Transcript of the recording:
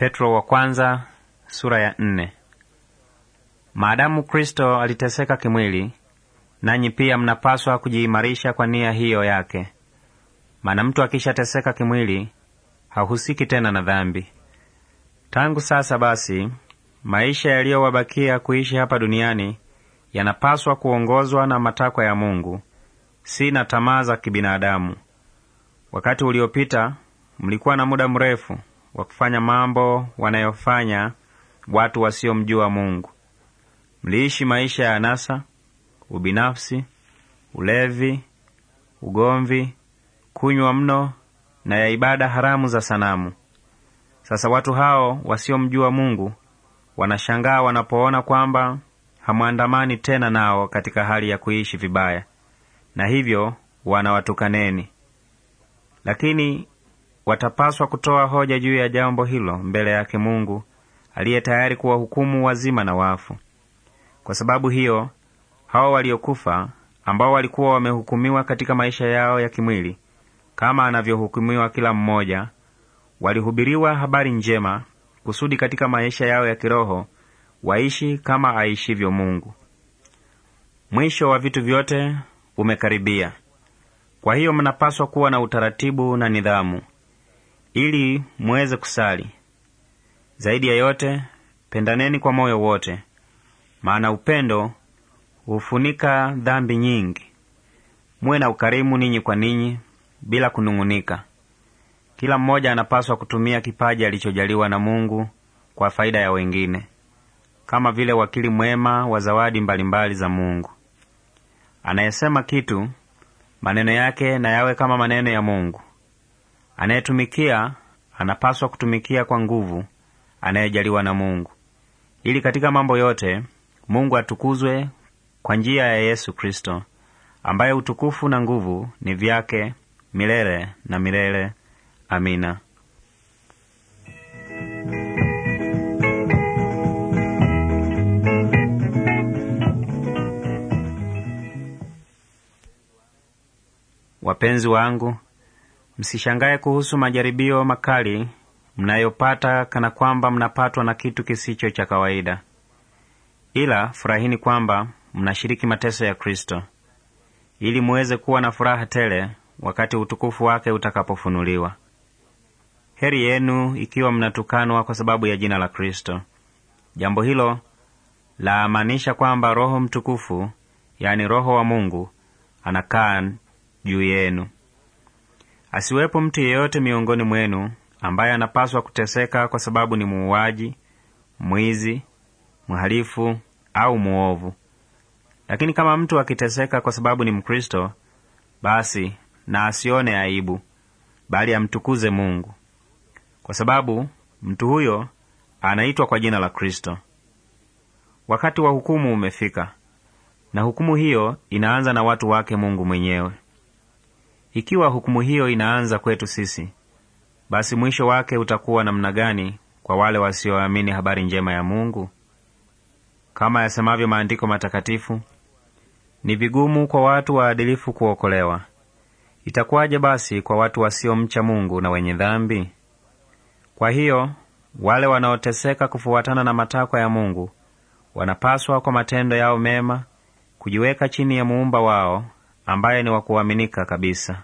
Petro wa kwanza, sura ya nne. Maadamu Kristo aliteseka kimwili, nanyi pia mnapaswa kujiimarisha kwa nia hiyo yake. Maana mtu akishateseka kimwili hahusiki tena na dhambi. Tangu sasa basi, maisha yaliyowabakia kuishi hapa duniani yanapaswa kuongozwa na matakwa ya Mungu, si na tamaa za kibinadamu. Wakati uliopita mlikuwa na muda mrefu wa kufanya mambo wanayofanya watu wasiomjua Mungu. Mliishi maisha ya anasa, ubinafsi, ulevi, ugomvi, kunywa mno na ya ibada haramu za sanamu. Sasa watu hao wasiomjua Mungu wanashangaa wanapoona kwamba hamwandamani tena nao katika hali ya kuishi vibaya, na hivyo wanawatukaneni. Lakini watapaswa kutoa hoja juu ya jambo hilo mbele yake Mungu aliye tayari kuwahukumu wazima na wafu. Kwa sababu hiyo, hao waliokufa ambao walikuwa wamehukumiwa katika maisha yao ya kimwili kama anavyohukumiwa kila mmoja, walihubiriwa habari njema kusudi katika maisha yao ya kiroho waishi kama aishivyo Mungu. Mwisho wa vitu vyote umekaribia. Kwa hiyo mnapaswa kuwa na utaratibu na nidhamu ili muweze kusali. Zaidi ya yote, pendaneni kwa moyo wote, maana upendo hufunika dhambi nyingi. Muwe na ukarimu ninyi kwa ninyi bila kunung'unika. Kila mmoja anapaswa kutumia kipaji alichojaliwa na Mungu kwa faida ya wengine, kama vile wakili mwema wa zawadi mbalimbali za Mungu. Anayesema kitu, maneno yake na yawe kama maneno ya Mungu, Anayetumikia anapaswa kutumikia kwa nguvu anayejaliwa na Mungu, ili katika mambo yote Mungu atukuzwe kwa njia ya Yesu Kristo, ambaye utukufu na nguvu ni vyake milele na milele. Amina. Wapenzi wangu Msishangaye kuhusu majaribio makali mnayopata kana kwamba mnapatwa na kitu kisicho cha kawaida, ila furahini kwamba mnashiriki mateso ya Kristo ili muweze kuwa na furaha tele wakati utukufu wake utakapofunuliwa. Heri yenu ikiwa mnatukanwa kwa sababu ya jina la Kristo. Jambo hilo laamanisha kwamba Roho Mtukufu, yaani Roho wa Mungu, anakaa juu yenu. Asiwepo mtu yeyote miongoni mwenu ambaye anapaswa kuteseka kwa sababu ni muuaji, mwizi, mhalifu au muovu. Lakini kama mtu akiteseka kwa sababu ni Mkristo, basi na asione aibu, bali amtukuze Mungu, kwa sababu mtu huyo anaitwa kwa jina la Kristo. Wakati wa hukumu umefika, na hukumu hiyo inaanza na watu wake Mungu mwenyewe. Ikiwa hukumu hiyo inaanza kwetu sisi, basi mwisho wake utakuwa namna gani kwa wale wasioamini habari njema ya Mungu? Kama yasemavyo maandiko matakatifu, ni vigumu kwa watu waadilifu kuokolewa. Itakuwaje basi kwa watu wasiomcha Mungu na wenye dhambi? Kwa hiyo wale wanaoteseka kufuatana na matakwa ya Mungu wanapaswa kwa matendo yao mema kujiweka chini ya muumba wao ambaye ni wa kuaminika kabisa.